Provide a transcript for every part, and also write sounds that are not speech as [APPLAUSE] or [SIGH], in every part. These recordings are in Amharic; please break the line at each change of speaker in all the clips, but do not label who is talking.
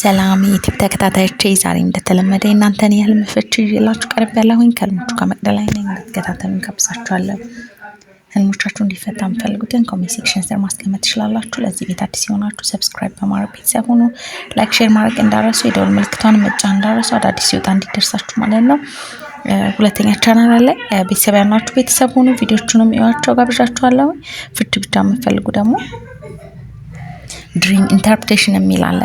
ሰላም የዩቲዩብ ተከታታዮቼ ዛሬ እንደተለመደ እናንተን የህልም ፍቺ ይዤላችሁ ቀርብ ያለሁኝ ከህልሞቹ ከመቅደላይ ነኝ። እንድትከታተሉን ጋብዛችኋለሁ። ህልሞቻችሁ እንዲፈታ የምፈልጉትን ኮሜንት ሴክሽን ስር ማስቀመጥ ትችላላችሁ። ለዚህ ቤት አዲስ የሆናችሁ ሰብስክራይብ በማድረግ ቤተሰብ ሁኑ። ላይክ፣ ሼር ማድረግ እንዳረሱ፣ የደወል ምልክቷን መጫ እንዳረሱ፣ አዳዲስ ሲወጣ እንዲደርሳችሁ ማለት ነው። ሁለተኛ ቻናል አለ። ቤተሰብ ያናችሁ ቤተሰብ ሁኑ። ቪዲዮቹንም እዩዋቸው ጋብዣችኋለሁ። ፍቺ ብቻ የምፈልጉ ደግሞ ድሪም ኢንተርፕሬቴሽን የሚል አለ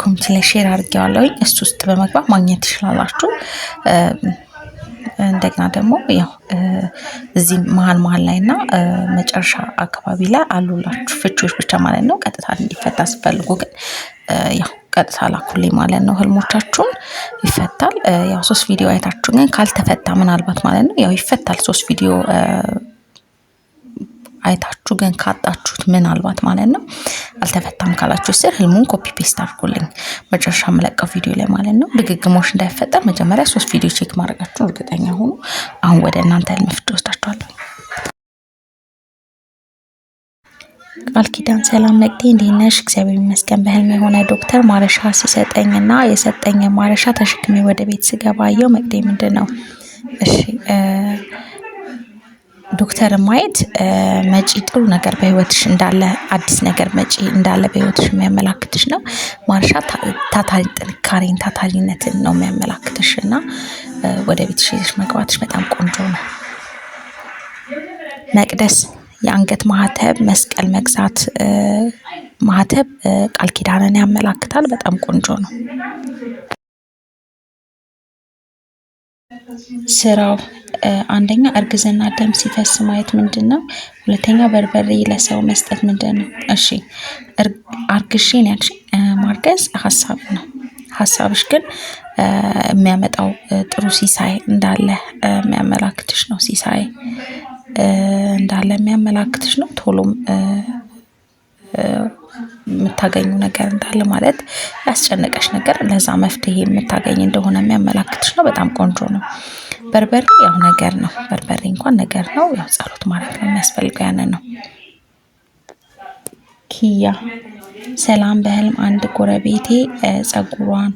ኮሚቲ ላይ ሼር አድርጌዋለው እሱ ውስጥ በመግባት ማግኘት ትችላላችሁ። እንደገና ደግሞ ያው እዚህ መሀል መሀል ላይ እና መጨረሻ አካባቢ ላይ አሉላችሁ ፍቺዎች ብቻ ማለት ነው። ቀጥታ እንዲፈታ ስፈልጉ ግን ያው ቀጥታ ላኩሌ ማለት ነው። ህልሞቻችሁን ይፈታል። ያው ሶስት ቪዲዮ አይታችሁ ግን ካልተፈታ ምናልባት ማለት ነው ያው ይፈታል። ሶስት ቪዲዮ አይታችሁ ግን ካጣችሁት ምናልባት ማለት ነው አልተፈታም ካላችሁ ስር ህልሙን ኮፒ ፔስት አድርጎልኝ መጨረሻ የምለቀው ቪዲዮ ላይ ማለት ነው። ድግግሞሽ እንዳይፈጠር መጀመሪያ ሶስት ቪዲዮ ቼክ ማድረጋችሁን እርግጠኛ ሆኑ። አሁን ወደ እናንተ ህልም ፍቺ ወስዳችኋለሁ።
ቃል ኪዳን ሰላም ነቅቴ እንዴት ነሽ? እግዚአብሔር ይመስገን። በህልም የሆነ ዶክተር ማረሻ ሲሰጠኝና የሰጠኝ ማረሻ ተሸክሜ ወደ ቤት ስገባየው አየሁ። መቅዴ ምንድን ነው? እሺ ዶክተር ማየት መጪ ጥሩ ነገር በህይወትሽ እንዳለ አዲስ ነገር መጪ እንዳለ በህይወትሽ የሚያመላክትሽ ነው። ማርሻ ታታሪ ጥንካሬን ታታሪነትን ነው የሚያመላክትሽ እና ወደ ቤትሽ ይዘሽ መግባትሽ በጣም ቆንጆ ነው። መቅደስ የአንገት ማህተብ፣ መስቀል መግዛት ማህተብ ቃል ኪዳንን ያመላክታል። በጣም ቆንጆ ነው። ስራው አንደኛ እርግዝና ደም ሲፈስ ማየት ምንድን ነው? ሁለተኛ በርበሬ ለሰው መስጠት ምንድን ነው? እሺ አርግሽን ያልሽ ማርገዝ ሀሳብ ነው። ሀሳብሽ ግን የሚያመጣው ጥሩ ሲሳይ እንዳለ የሚያመላክትሽ ነው። ሲሳይ እንዳለ የሚያመላክትሽ ነው። ቶሎም የምታገኙ ነገር እንዳለ ማለት ያስጨነቀሽ ነገር ለዛ መፍትሄ የምታገኝ እንደሆነ የሚያመላክትሽ ነው። በጣም ቆንጆ ነው። በርበሬ ያው ነገር ነው። በርበሬ እንኳን ነገር ነው። ያው ጸሎት ማለት ነው የሚያስፈልገው ያንን ነው። ኪያ ሰላም በህልም አንድ ጎረቤቴ ጸጉሯን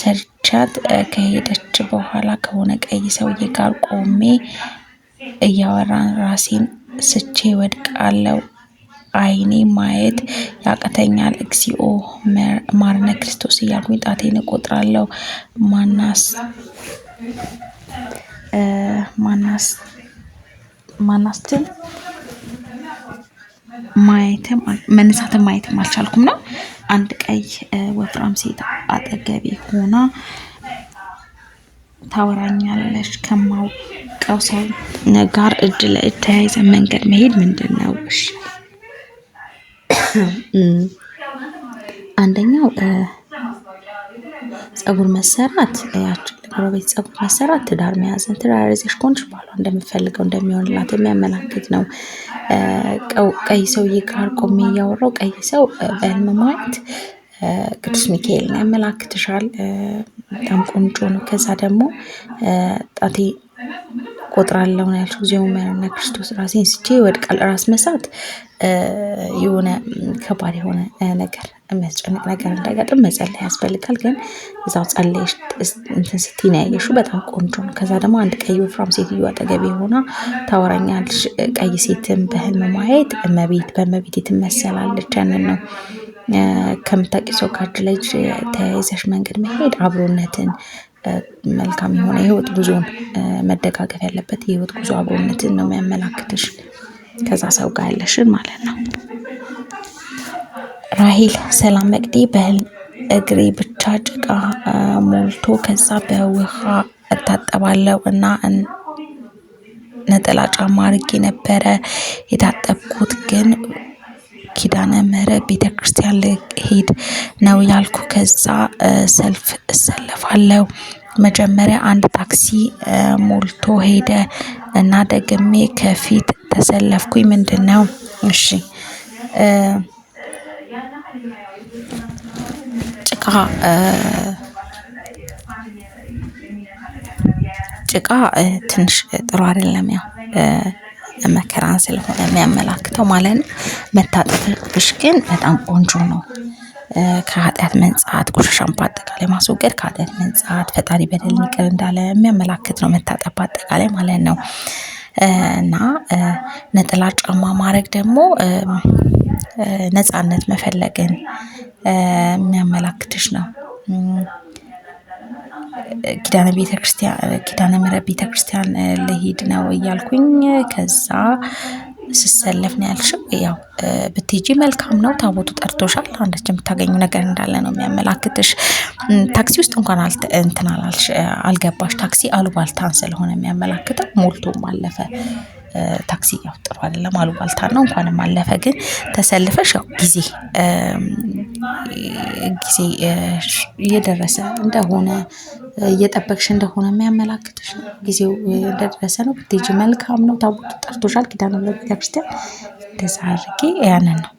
ሰርቻት ከሄደች በኋላ ከሆነ ቀይ ሰውዬ ጋር ቆሜ እያወራን ራሴን ስቼ ወድቃለው አይኔ ማየት ያቅተኛል። እግዚኦ ማርነ ክርስቶስ እያልኩኝ ጣቴን እቆጥራለሁ። ማናስ ማናስ ማናስትን ማየትም መነሳትን ማየትም አልቻልኩም ነው። አንድ ቀይ ወፍራም ሴት አጠገቤ ሆና ታወራኛለች። ከማውቀው ሰው ጋር እጅ ለእጅ ተያይዘን መንገድ መሄድ ምንድን ነው? አንደኛው ጸጉር መሰራት ያችን ጸጉር መሰራት ትዳር መያዝን ትዳር ያዘሽ ከሆንሽ ባሏ እንደምፈልገው እንደሚሆንላት የሚያመላክት ነው። ቀይ ሰው ጋር ቆሜ እያወራው ቀይ ሰው በህልም ማየት ቅዱስ ሚካኤል ነው ያመላክትሻል። በጣም ቆንጆ ነው። ከዛ ደግሞ ጣቴ ቆጥራለሁ ነው ያልሽው። እግዚኦን መሐረነ ክርስቶስ ራሴን ስቼ ይወድቃል። ራስ መሳት የሆነ ከባድ የሆነ ነገር የሚያስጨንቅ ነገር እንዳይገጥም መጸለይ ያስፈልጋል። ግን እዛው ጸለይሽ እንትን ስትይ ነው ያየሽው። በጣም ቆንጆ ነው። ከዛ ደግሞ አንድ ቀይ ወፍራም ሴትዮ አጠገቤ ሆና ታወራኛለች። ቀይ ሴትን በህልም ማየት እመቤት በእመቤት ትመሰላለች። ያንን ነው ከምታውቂ ሰው ካድ ልጅ ተያይዘሽ መንገድ መሄድ አብሮነትን መልካም የሆነ የህይወት ጉዞን መደጋገፍ ያለበት የህይወት ጉዞ አብሮነትን ነው የሚያመላክትሽ ከዛ ሰው ጋር ያለሽን ማለት ነው። ራሂል ሰላም መቅዲ በህልም እግሬ ብቻ ጭቃ ሞልቶ ከዛ በውሃ እታጠባለው እና ነጠላ ጫማ አድርጌ ነበረ የታጠብኩት ግን ኪዳነ ምህረት ቤተ ክርስቲያን ልሄድ ነው ያልኩ። ከዛ ሰልፍ እሰለፋለሁ። መጀመሪያ አንድ ታክሲ ሞልቶ ሄደ እና ደግሜ ከፊት ተሰለፍኩኝ ምንድነው እሺ ጭቃ ጭቃ ትንሽ ጥሩ አይደለም ያው መከራን ስለሆነ የሚያመላክተው ማለት ነው። መታጠብሽ ግን በጣም ቆንጆ ነው ከኃጢአት መንጻት፣ ቆሻሻን በአጠቃላይ ማስወገድ ከኃጢአት መንጻት፣ ፈጣሪ በደል ይቅር እንዳለ የሚያመላክት ነው። መታጠብ በአጠቃላይ ማለት ነው እና ነጠላ ጫማ ማድረግ ደግሞ ነፃነት መፈለግን የሚያመላክትሽ ነው። ኪዳነ ቤተክርስቲያን ኪዳነ ምሕረት ቤተክርስቲያን ልሂድ ነው እያልኩኝ ከዛ ስሰለፍ ነው ያልሽው። ያው ብትሄጂ መልካም ነው። ታቦቱ ጠርቶሻል። አንዳች የምታገኙ ነገር እንዳለ ነው የሚያመላክትሽ። ታክሲ ውስጥ እንኳን እንትን አልገባሽ። ታክሲ አሉባልታን ስለሆነ የሚያመላክተው ሞልቶም አለፈ። ታክሲ ያው ጥሩ አይደለም፣ አሉባልታ ነው። እንኳንም አለፈ። ግን ተሰልፈሽ ያው ጊዜ ጊዜ እየደረሰ እንደሆነ እየጠበቅሽ እንደሆነ የሚያመላክትሽ ነው። ጊዜው እንደደረሰ ነው። ብትሄጂ መልካም ነው። ታቦቱ ጠርቶሻል። ኪዳነ ምሕረት ቤተክርስቲያን እንደዛ አድርጌ ያንን ነው።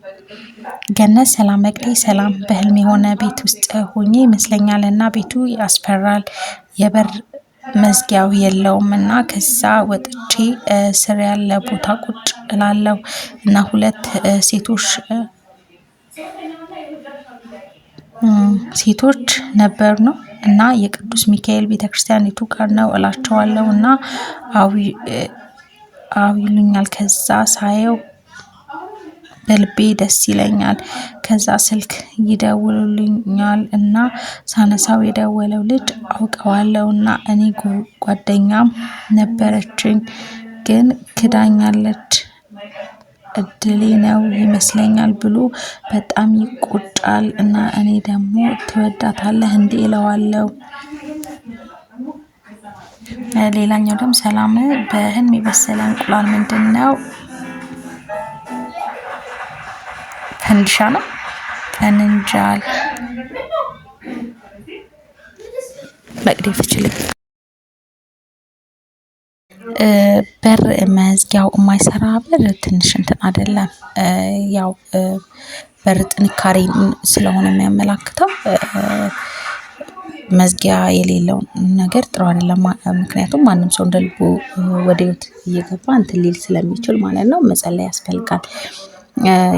ገነት ሰላም መቅዴ ሰላም። በህልም የሆነ ቤት ውስጥ ሆኜ ይመስለኛል እና ቤቱ ያስፈራል። የበር መዝጊያው የለውም እና ከዛ ወጥቼ ስር ያለ ቦታ ቁጭ እላለሁ እና ሁለት ሴቶች ሴቶች ነበር ነው እና የቅዱስ ሚካኤል ቤተክርስቲያኒቱ ጋር ነው እላቸዋለሁ እና አዊሉኛል ከዛ ሳየው በልቤ ደስ ይለኛል። ከዛ ስልክ ይደውሉልኛል እና ሳነሳው የደወለው ልጅ አውቀዋለው እና እኔ ጓደኛም ነበረችኝ ግን ክዳኛለች። እድሌ ነው ይመስለኛል ብሎ በጣም ይቆጫል። እና እኔ ደግሞ ትወዳታለህ እንዴ እለዋለሁ። ሌላኛው ደግሞ ሰላም በህልም የበሰለ እንቁላል ምንድን ነው? ፈንድሻ ነው ፈንንጃል መቅደፍ ይችላል በር መዝጊያው የማይሰራ በር ትንሽ እንትን አይደለም። ያው በር ጥንካሬ ስለሆነ የሚያመላክተው መዝጊያ የሌለውን ነገር ጥሩ አይደለም። ምክንያቱም ማንም ሰው እንደ ልቡ ወደ ህይወት እየገባ እንትን ሊል ስለሚችል ማለት ነው። መጸለይ ያስፈልጋል።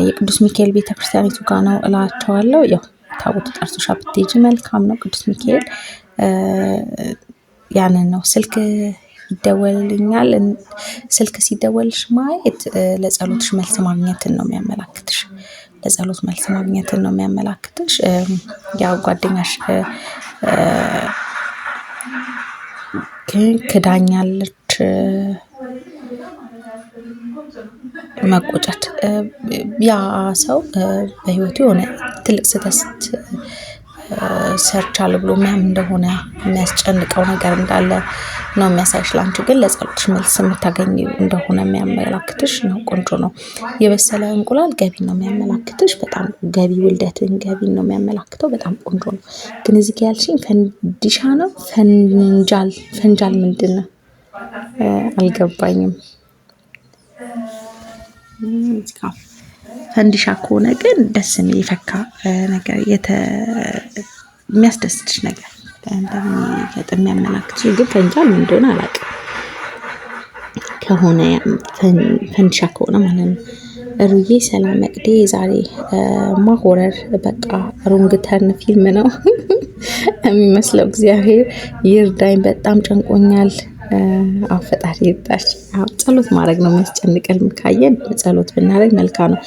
የቅዱስ ሚካኤል ቤተክርስቲያን የቱ ጋ ነው እላቸዋለሁ። ያው ታቦቱ ጠርሶሻ ብትሄጂ መልካም ነው። ቅዱስ ሚካኤል ያንን ነው ስልክ ይደወልልኛል። ስልክ ሲደወልሽ ማየት ለጸሎትሽ መልስ ማግኘትን ነው የሚያመላክትሽ። ለጸሎት መልስ ማግኘትን ነው የሚያመላክትሽ። ያው ጓደኛሽ ክዳኛለች መቆጨት ያ ሰው በህይወቱ የሆነ ትልቅ ስህተት ሰርቻል ብሎ ምናምን እንደሆነ የሚያስጨንቀው ነገር እንዳለ ነው የሚያሳይሽ። ለአንቺ ግን ለጸሎትሽ መልስ የምታገኝ እንደሆነ የሚያመላክትሽ ነው። ቆንጆ ነው። የበሰለ እንቁላል ገቢ ነው የሚያመላክትሽ። በጣም ገቢ ውልደትን፣ ገቢ ነው የሚያመላክተው። በጣም ቆንጆ ነው። ግን እዚህ ጋ ያልሽኝ ፈንዲሻ ነው ፈንጃል? ፈንጃል ምንድን ነው አልገባኝም። ፈንዲሻ ከሆነ ግን ደስ የሚል የፈካ ነገር የሚያስደስትሽ ነገር እንደሚገጥም የሚያመላክት ግን ፈንጃ ምን እንደሆነ አላውቅም። ከሆነ ፈንዲሻ ከሆነ ማለት ነው። ሩዬ ሰላም መቅዴ ዛሬ ማሆረር በቃ ሮንግተርን ፊልም ነው [LAUGHS] የሚመስለው። እግዚአብሔር ይርዳኝ፣ በጣም ጨንቆኛል። አፈጣሪ ይርዳሽ። ጸሎት ማድረግ ነው የሚያስጨንቀል። ካየን ጸሎት ብናደርግ መልካም ነው።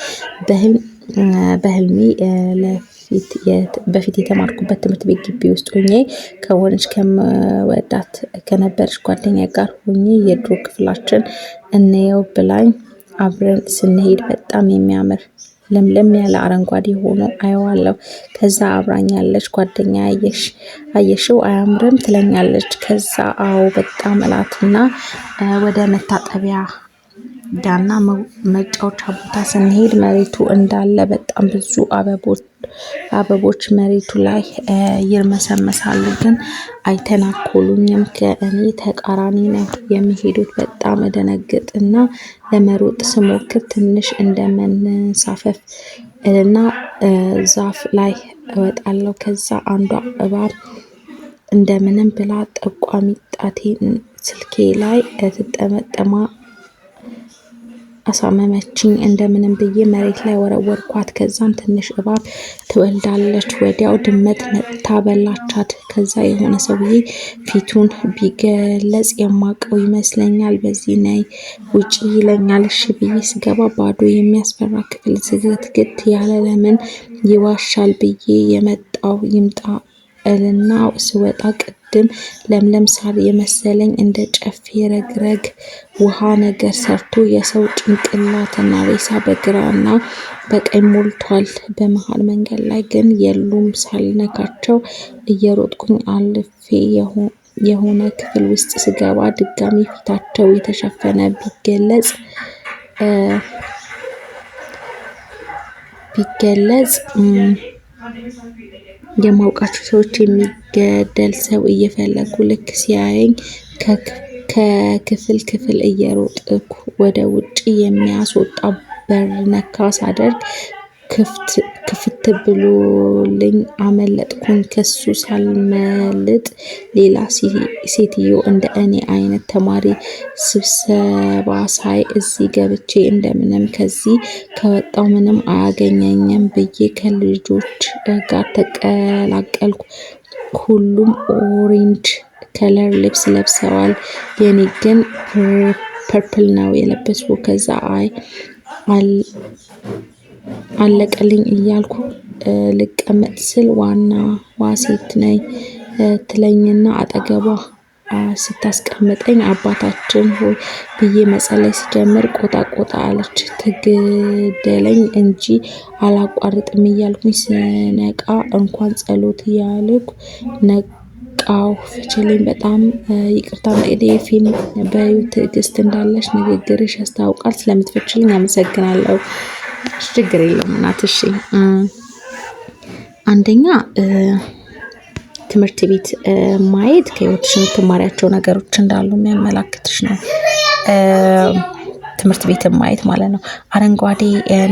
በህልሜ በፊት የተማርኩበት ትምህርት ቤት ግቢ ውስጥ ሆኜ ከሆነች ከመወዳት ከነበረች ጓደኛ ጋር ሆኜ የድሮ ክፍላችን እንየው ብላኝ አብረን ስንሄድ በጣም የሚያምር ለምለም ያለ አረንጓዴ ሆኖ አየዋለሁ። ከዛ አብራኛለች ጓደኛ አየሽ አየሽው አያምርም ትለኛለች። ከዛ አዎ በጣም እላትና ወደ መታጠቢያ ዳና መጫወቻ ቦታ ስንሄድ መሬቱ እንዳለ በጣም ብዙ አበቦች መሬቱ ላይ ይርመሰመሳሉ። ግን አይተናኮሉኝም። ከእኔ ተቃራኒ ነው የሚሄዱት። በጣም እና ለመሮጥ ስሞክር ትንሽ እንደመንሳፈፍ እና ዛፍ ላይ እወጣለሁ። ከዛ አንዷ እባብ እንደምንም ብላ ጠቋሚ ጣቴ ስልኬ ላይ ትጠመጠማ አሳመመችኝ። እንደምንም ብዬ መሬት ላይ ወረወርኳት። ከዛም ትንሽ እባብ ትወልዳለች። ወዲያው ድመት መጥታ በላቻት። ከዛ የሆነ ሰውዬ ፊቱን ቢገለጽ የማቀው ይመስለኛል። በዚህ ነይ ውጪ ይለኛል። እሺ ብዬ ስገባ ባዶ የሚያስፈራ ክፍል፣ ዝግትግት ያለ ለምን ይዋሻል ብዬ የመጣው ይምጣ ቅጠልና ስወጣ ቅድም ለምለም ሳር የመሰለኝ እንደ ጨፌ ረግረግ ውሃ ነገር ሰርቶ የሰው ጭንቅላትና ሬሳ በግራና በቀኝ ሞልቷል። በመሃል መንገድ ላይ ግን የሉም። ሳልነካቸው እየሮጥኩኝ አልፌ የሆነ ክፍል ውስጥ ስገባ ድጋሚ ፊታቸው የተሸፈነ ቢገለጽ ቢገለጽ የማውቃቸው ሰዎች የሚገደል ሰው እየፈለጉ ልክ ሲያየኝ ከክፍል ክፍል እየሮጥኩ ወደ ውጭ የሚያስወጣ በር ነካ ሳደርግ ክፍት ብሎልኝ አመለጥኩኝ። ከሱ ሳልመልጥ ሌላ ሴትዮ እንደ እኔ አይነት ተማሪ ስብሰባ ሳይ እዚህ ገብቼ እንደምንም ከዚህ ከወጣው ምንም አያገኘኝም ብዬ ከልጆች ጋር ተቀላቀልኩ። ሁሉም ኦሬንጅ ከለር ልብስ ለብሰዋል። የኔ ግን ፐርፕል ነው የለበስኩ። ከዛ አይ አለቀልኝ እያልኩ ልቀመጥ ስል ዋና ዋሴት ነኝ ትለኝና አጠገቧ ስታስቀምጠኝ አባታችን ሆይ ብዬ መጸለይ ሲጀምር ቆጣ ቆጣ አለች። ትግደለኝ እንጂ አላቋርጥም እያልኩኝ ስነቃ እንኳን ጸሎት እያልኩ ነቃው። ፍችልኝ፣ በጣም ይቅርታ እንግዲህ ፊልም በዩ ትዕግስት እንዳለሽ ንግግርሽ ያስታውቃል። ስለምትፈችልኝ አመሰግናለሁ። ችግር የለውም እናት። እሺ አንደኛ ትምህርት ቤት ማየት ከህይወትሽ የምትማሪያቸው ነገሮች እንዳሉ የሚያመላክትሽ ነው። ትምህርት ቤት ማየት ማለት ነው። አረንጓዴ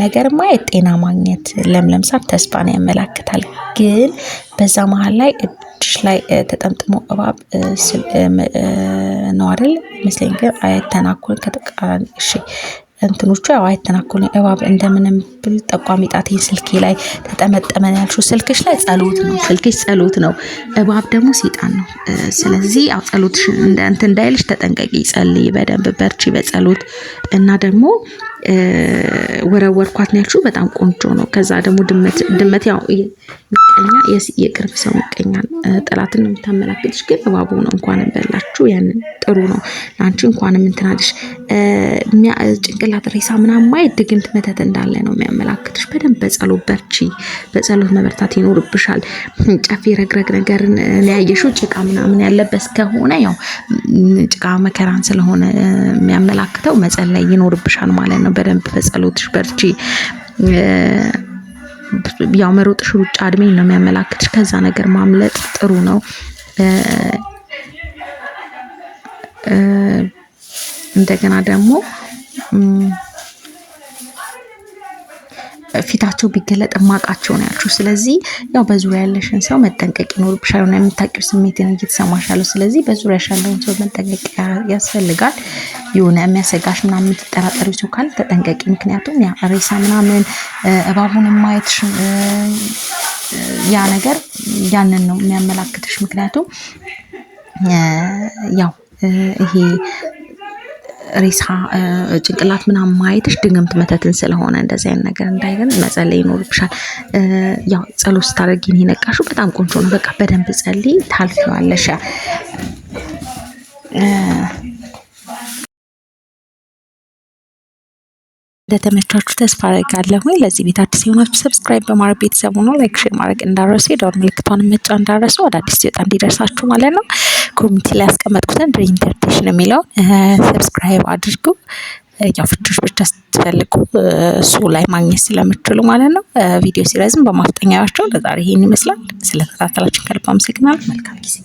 ነገር ማየት ጤና ማግኘት፣ ለምለም ሳር ተስፋን ያመላክታል። ግን በዛ መሀል ላይ እጅሽ ላይ ተጠምጥሞ እባብ ነው አይደል? መስለኝ ግን ተናኮል ከጠቃ እንትኖቹ ያው አይተናኮሉኝ እባብ እንደምንም ብል ጠቋሚ ጣቴን ስልኬ ላይ ተጠመጠመን። ያልሽው ስልክሽ ላይ ጸሎት ነው፣ ስልክሽ ጸሎት ነው፣ እባብ ደግሞ ሴጣን ነው። ስለዚህ ያው ጸሎትሽ እንትን እንዳይልሽ ተጠንቀቂ፣ ጸልይ በደንብ በርቺ በጸሎት እና ደግሞ ወረወርኳት ነው ያልሽው። በጣም ቆንጆ ነው። ከዛ ደግሞ ድመት ያው ምቀኛ የቅርብ ሰው ምቀኛል ጠላትን ነው የምታመላክትሽ፣ ግን እባቡ ነው እንኳንም በላችሁ። ያንን ጥሩ ነው ለአንቺ እንኳንም እንትናልሽ ጭንቀ የጭንቅላት ሬሳ ምናምን ማየት ድግምት መተት እንዳለ ነው የሚያመላክትሽ። በደንብ በጸሎት በርቺ፣ በጸሎት መበርታት ይኖርብሻል። ጨፌ ረግረግ ነገር ለያየሽው ጭቃ ምናምን ያለበት ከሆነ ያው ጭቃ መከራን ስለሆነ የሚያመላክተው መጸለይ ይኖርብሻል ማለት ነው። በደንብ በጸሎትሽ በርቺ። ያው መሮጥሽ ሩጫ እድሜ ነው የሚያመላክትሽ። ከዛ ነገር ማምለጥ ጥሩ ነው። እንደገና ደግሞ ፊታቸው ቢገለጥ ማቃቸው ነው ያልኩሽ። ስለዚህ ያው በዙሪያ ያለሽን ሰው መጠንቀቅ ይኖርብሻል። ሆነ የምታውቂው ስሜትን እየተሰማሽ ያለው ስለዚህ በዙሪያሽ ያለውን ሰው መጠንቀቅ ያስፈልጋል። የሆነ የሚያሰጋሽ ምናምን የምትጠራጠሪ ሰው ካለ ተጠንቀቂ። ምክንያቱም ያ ሬሳ ምናምን እባቡን ማየትሽ ያ ነገር ያንን ነው የሚያመላክትሽ። ምክንያቱም ያው ይሄ ሬሳ ጭንቅላት ምናምን ማየትሽ ድግምት መተትን ስለሆነ እንደዚህ አይነት ነገር እንዳይገን መጸለይ ይኖርብሻል። ያው ጸሎት ስታደርጊ ነው የነቃሽው። በጣም ቆንጆ ነው። በቃ በደንብ ጸልይ፣ ታልፊዋለሽ። እንደተመቻችሁ ተስፋ አደርጋለሁ። ለዚህ ቤት አዲስ የሆናችሁ ሰብስክራይብ በማድረግ ቤተሰቡ ነው። ላይክ፣ ሼር ማድረግ እንዳረሱ የደወል ምልክቷን መጫን እንዳረሱ አዳዲስ ሲወጣ እንዲደርሳችሁ ማለት ነው። ኮሚቴ ላይ ያስቀመጥኩትን ሬንተር የሚለውን ሰብስክራይብ አድርጉ። ያው ፍቾች ብቻ ስትፈልጉ እሱ ላይ ማግኘት ስለምችሉ ማለት ነው። ቪዲዮ ሲረዝም ያቸው። ለዛሬ ይህን ይመስላል። ስለተከታተላችን ከልብ አመሰግናለሁ። መልካም ጊዜ